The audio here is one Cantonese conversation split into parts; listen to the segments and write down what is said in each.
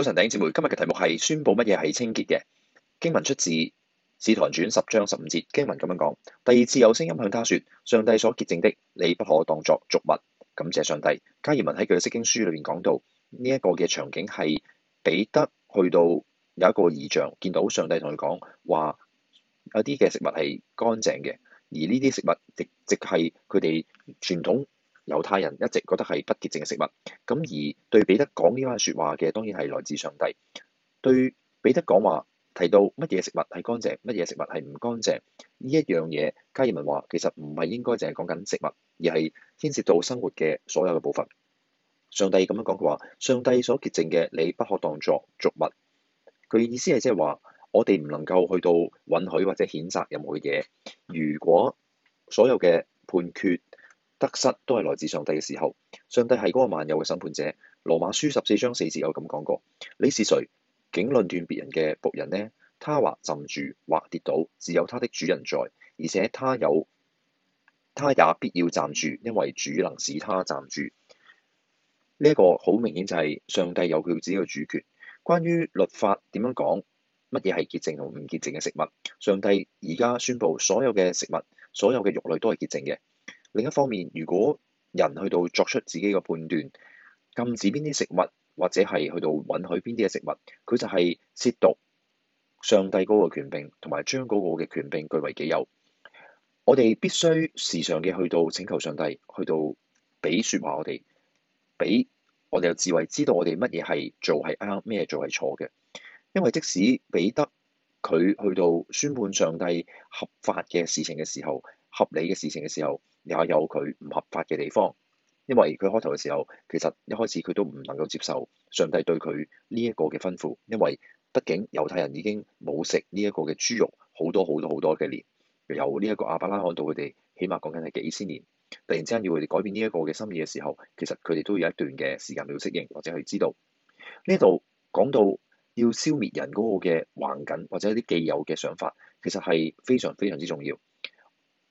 早晨，弟兄姊妹，今日嘅題目係宣布乜嘢係清潔嘅。經文出自《使徒行傳》十章十五節，經文咁樣講，第二次有聲音向他說，上帝所潔淨的，你不可當作俗物，感謝上帝。加爾文喺佢嘅釋經書裏面講到，呢、這、一個嘅場景係彼得去到有一個異象，見到上帝同佢講話，有啲嘅食物係乾淨嘅，而呢啲食物直直係佢哋傳統。猶太人一直覺得係不潔淨嘅食物，咁而對彼得講呢番説話嘅，當然係來自上帝。對彼得講話提到乜嘢食物係乾淨，乜嘢食物係唔乾淨，呢一樣嘢，加爾文話其實唔係應該淨係講緊食物，而係牽涉到生活嘅所有嘅部分。上帝咁樣講嘅話，上帝所潔淨嘅，你不可當作俗物。佢意思係即係話我哋唔能夠去到允許或者譴責任何嘅嘢。如果所有嘅判決得失都係來自上帝嘅時候，上帝係嗰個萬有嘅審判者。羅馬書十四章四字有咁講過：你是誰，竟論斷別人嘅僕人呢？他或站住，或跌倒，自有他的主人在，而且他有，他也必要站住，因為主能使他站住。呢、這、一個好明顯就係上帝有佢自己嘅主權。關於律法點樣講，乜嘢係潔淨同唔潔淨嘅食物？上帝而家宣布所有嘅食物，所有嘅肉類都係潔淨嘅。另一方面，如果人去到作出自己嘅判斷，禁止邊啲食物，或者係去到允許邊啲嘅食物，佢就係褻瀆上帝嗰個權柄，同埋將嗰個嘅權柄據為己有。我哋必須時常嘅去到請求上帝去到俾說話我哋，我哋，俾我哋有智慧知道我哋乜嘢係做係啱，咩做係錯嘅。因為即使彼得佢去到宣判上帝合法嘅事情嘅時候，合理嘅事情嘅時候。也有佢唔合法嘅地方，因為佢開頭嘅時候，其實一開始佢都唔能夠接受上帝對佢呢一個嘅吩咐，因為畢竟猶太人已經冇食呢一個嘅豬肉好多好多好多嘅年，由呢一個亞伯拉罕到佢哋，起碼講緊係幾千年，突然之間要佢哋改變呢一個嘅心意嘅時候，其實佢哋都有一段嘅時間要適應或者去知道。呢度講到要消滅人嗰個嘅環境或者一啲既有嘅想法，其實係非常非常之重要。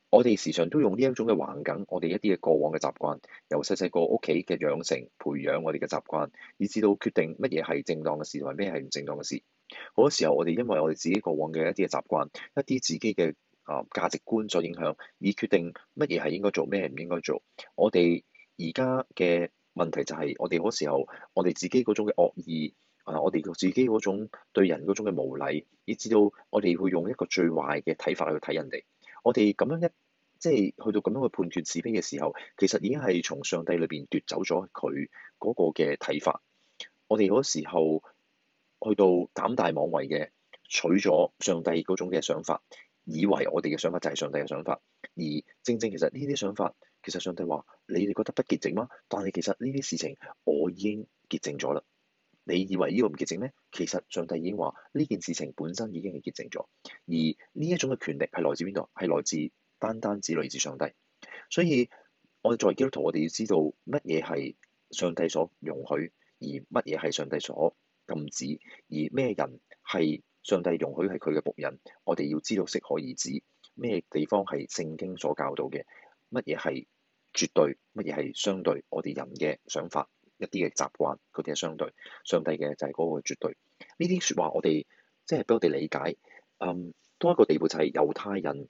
我哋時常都用呢一種嘅環境，我哋一啲嘅過往嘅習慣，由細細個屋企嘅養成、培養我哋嘅習慣，以至到決定乜嘢係正當嘅事，或者咩係唔正當嘅事。好多時候，我哋因為我哋自己過往嘅一啲嘅習慣，一啲自己嘅啊價值觀，所影響而決定乜嘢係應該做，咩係唔應該做。我哋而家嘅問題就係，是，我哋好多時候，我哋自己嗰種嘅惡意，啊，我哋自己嗰種對人嗰種嘅無禮，以至到我哋會用一個最壞嘅睇法去睇人哋。我哋咁樣一即係去到咁樣去判斷是非嘅時候，其實已經係從上帝裏邊奪走咗佢嗰個嘅睇法。我哋嗰時候去到膽大妄為嘅，取咗上帝嗰種嘅想法，以為我哋嘅想法就係上帝嘅想法。而正正其實呢啲想法，其實上帝話：你哋覺得不潔淨嗎？但係其實呢啲事情，我已經潔淨咗啦。你以為呢個唔結淨咩？其實上帝已經話呢件事情本身已經係潔淨咗。而呢一種嘅權力係來自邊度？係來自單單只來自上帝。所以我哋作為基督徒，我哋要知道乜嘢係上帝所容許，而乜嘢係上帝所禁止，而咩人係上帝容許係佢嘅僕人，我哋要知道適可而止。咩地方係聖經所教導嘅？乜嘢係絕對？乜嘢係相對？我哋人嘅想法。一啲嘅習慣，佢哋係相對上帝嘅就係嗰個絕對。呢啲說話我哋即係俾我哋理解，嗯，多一個地步就係猶太人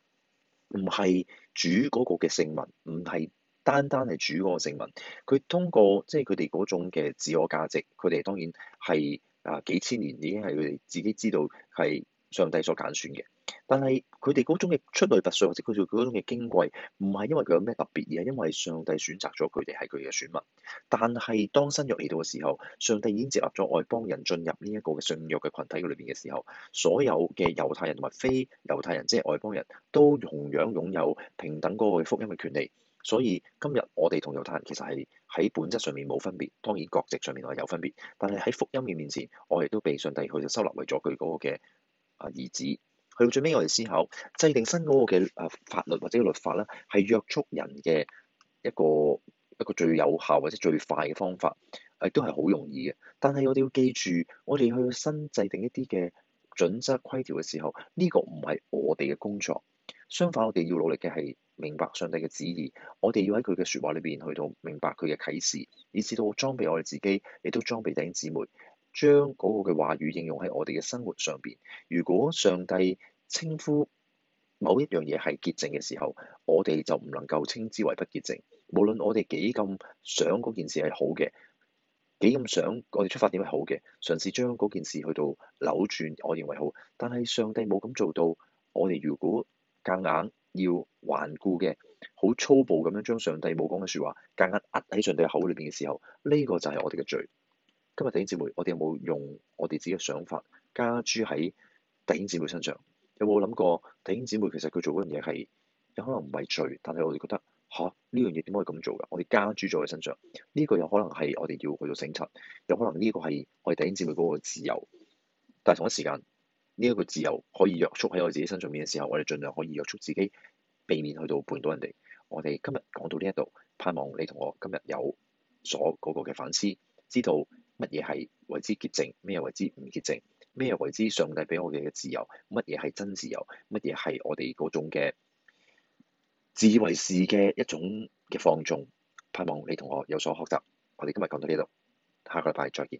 唔係主嗰個嘅聖民，唔係單單係主嗰個聖民。佢通過即係佢哋嗰種嘅自我價值，佢哋當然係啊幾千年已經係佢哋自己知道係上帝所揀選嘅。但係佢哋嗰種嘅出類拔萃，或者佢佢嗰種嘅矜貴，唔係因為佢有咩特別，而係因為上帝選擇咗佢哋係佢嘅選民。但係當新約嚟到嘅時候，上帝已經接納咗外邦人進入呢一個嘅信約嘅群體嘅裏邊嘅時候，所有嘅猶太人同埋非猶太人，即係外邦人，都同樣擁有平等嗰個福音嘅權利。所以今日我哋同猶太人其實係喺本質上面冇分別，當然國籍上面係有分別，但係喺福音嘅面前，我亦都被上帝佢就收納為咗佢嗰個嘅啊兒子。去到最尾，我哋思考制定新嗰個嘅啊法律或者律法咧，係約束人嘅一個一個最有效或者最快嘅方法，誒都係好容易嘅。但係我哋要記住，我哋去新制定一啲嘅準則規條嘅時候，呢個唔係我哋嘅工作。相反，我哋要努力嘅係明白上帝嘅旨意，我哋要喺佢嘅説話裏邊去到明白佢嘅啟示，以至到裝備我哋自己，亦都裝備弟姊妹。將嗰個嘅話語應用喺我哋嘅生活上邊。如果上帝稱呼某一樣嘢係潔淨嘅時候，我哋就唔能夠稱之為不潔淨。無論我哋幾咁想嗰件事係好嘅，幾咁想我哋出發點係好嘅，嘗試將嗰件事去到扭轉，我認為好。但係上帝冇咁做到。我哋如果夾硬要頑固嘅、好粗暴咁樣將上帝冇講嘅説話夾硬壓喺上帝口裏邊嘅時候，呢個就係我哋嘅罪。今日弟兄姊妹，我哋有冇用我哋自己嘅想法加諸喺弟兄姊妹身上？有冇諗過弟兄姊妹其實佢做嗰樣嘢係有可能唔係罪，但係我哋覺得吓呢樣嘢點可以咁做噶？我哋加諸咗佢身上呢、這個有可能係我哋要去到審查，有可能呢個係我哋弟兄姊妹嗰個自由。但係同一時間呢一、這個自由可以約束喺我自己身上面嘅時候，我哋盡量可以約束自己，避免去到絆到人哋。我哋今日講到呢一度，盼望你同我今日有所嗰個嘅反思，知道。乜嘢係為之潔淨？咩係為之唔潔淨？咩係為之上帝畀我哋嘅自由？乜嘢係真自由？乜嘢係我哋嗰種嘅自以為是嘅一種嘅放縱？盼望你同我有所學習。我哋今日講到呢度，下個禮拜再見。